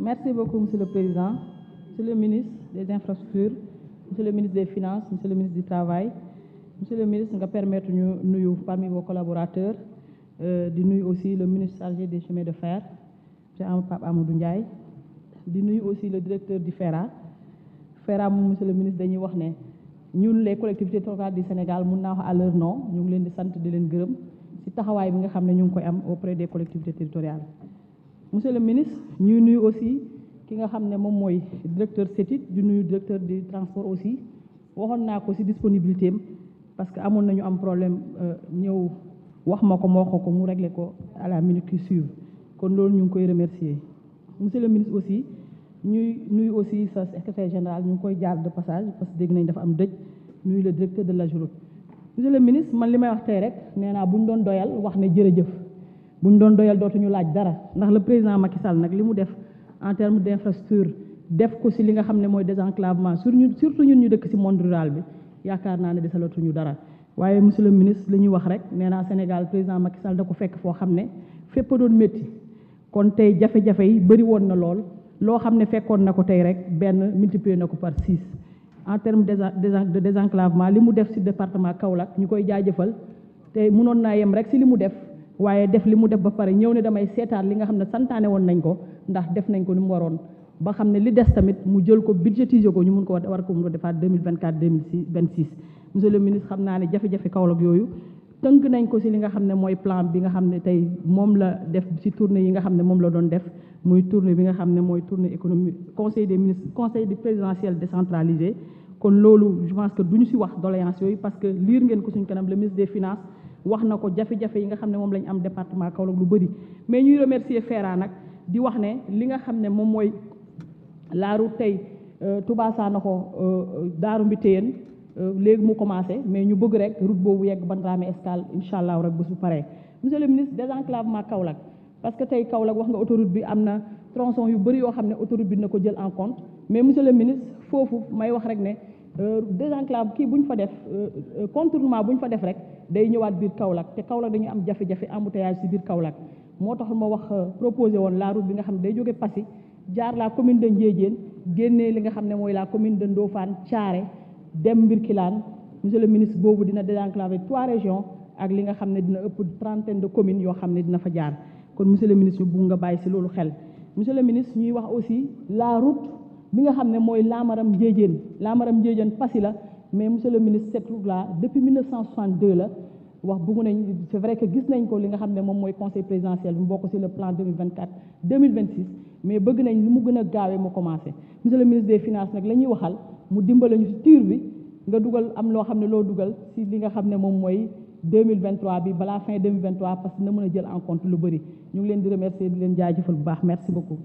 Merci beaucoup, Monsieur le Président, Monsieur le ministre des Infrastructures, Monsieur le ministre des Finances, Monsieur le ministre du Travail, Monsieur le ministre nga permettre ñu nuyu parmi vos collaborateurs euh, di nuyu aussi le ministre chargé des de fer Monsieur Pape Amadou Ndiaye di nuyu aussi le directeur du FERA FERA moom Monsieur le ministre dañuy wax ne ñun les collectivités territoriales di Sénégal mun naa wax à leur nom ñu ngi leen di sant di leen gërëm ci taxawaay bi nga xam ne ñu ngi koy am auprès des collectivités territoriales monsieur le ministre ñuy nuyu aussi ki nga xam ne moom mooy directeur CETID du nuyu directeur de transport aussi waxoon naa ko ci disponibilité am parce que amoon nañu am problème euh, ñëw wax ma ko moo ko ko mu regle ko à la minute qui suit kon loolu ñu ngi koy remercier monsieur le ministre aussi ñuy nuyu aussi sa secrétaire général ñu ngi koy jaar de passage parce que dégg nañ dafa am dëj nuyu le directeur de l'AGEROUTE monsieur le ministre man li may wax tey rek nee naa bu ñu doon doyal wax ne jërëjëf bu ñu doon doyal dootuñu laaj dara ndax le président Macky Sall nag li mu def en terme d'infrastructure def ko ci li nga xam ne mooy désenclavement sur ñun surtout ñun ñu dëkk ci monde rural bi yaakaar naa ne desalatuñu dara waaye monsieur le ministre li ñuy wax rek nee naa Sénégal président makisal da ko fekk foo xam ne fépp doon métti kon tey jafe-jafe yi bëri woon na lool loo xam ne fekkoon na ko tey rek benn multiplier na ko par six en terme de désenclavement li mu def ci département Kaolack ñu koy jaajëfal te mënoon naa yem rek ci li mu def waaye def li mu def ba pare ñëw ne damay seetaan li nga xam ne santaane woon nañ ko ndax def nañ ko ni mu waroon ba xam ne li des tamit mu jël ko budgétiser ko ñu mun ko war ko mun ko defaat 2024 2026 monsieur le ministre xam naa ne jafe-jafe Kaolack yooyu si li nga xam ne mooy plan bi nga xam ne tey moom la def si tournée yi nga xam ne moom la doon def muy tournée bi nga xam ne mooy tournée économique conseil des ministres conseil du présidentiel décentralisé kon loolu je pense que du ñu si wax doléance yooyu parce que liir ngeen ko suñ kanam le ministre wax na ko jafe-jafe yi nga xam ne moom la am département Kaolack lu bëri mais ñuy remercier feeraa nag di wax ne li nga xam ne moom mooy la route tey euh, Touba Sanokho euh, Daaru Mbiteyeen euh, léegi mu commencé mais ñu bëgg rek route boobu yegg Bandraame Escale incha allah rek ba su paree monsieur le ministre désenclavement Kaolack parce que tey Kaolack wax nga autorite bi am na tronson yu bëri yoo xam ne autoroute bi na ko jël en compte mais monsieur le ministre foofu may wax rek ne Euh, désenclave kii bu ñu fa def euh, euh, contournement bu ñu fa def rek day ñëwaat biir Kaolack te Kaolack dañu am jafe-jafe embouteillage si biir Kaolack moo tax ma wax proposé woon la route bi nga xam ne day jóge Passy jaar la commune de Ndiédiène génne li nga xam ne mooy la commune de Ndofane Thiaré dem Mbirkilaan monsieur le ministre boobu dina désenclaver trois régions ak li nga xam ne dina ëpp trentaine de commune yoo xam ne dina fa jaar kon monsieur le ministre ñu nga bàyyi si loolu xel mi nga xam ne mooy Lamaram Ndiédiène Lamaram Ndiédiène Passy la mais monsieur le ministre cette route là depuis 1962 la wax bëggu nañ c'est vrai que gis nañ ko li nga xam ne moom mooy conseil présidentiel bi bokk ci le plan 2024 2026 mais bëgg nañ lu mu gën a gaawee mu commencé monsieur le ministre des finances nag la ñuy waxal mu dimbale ñu ci tur bi nga dugal am loo xam ne loo dugal si li nga xam ne moom mooy 2023 bi balaa fin 2023 parce que na mën a jël en compte lu bëri ñu leen di remercier leen jaajëfal bu baax merci beaucoup.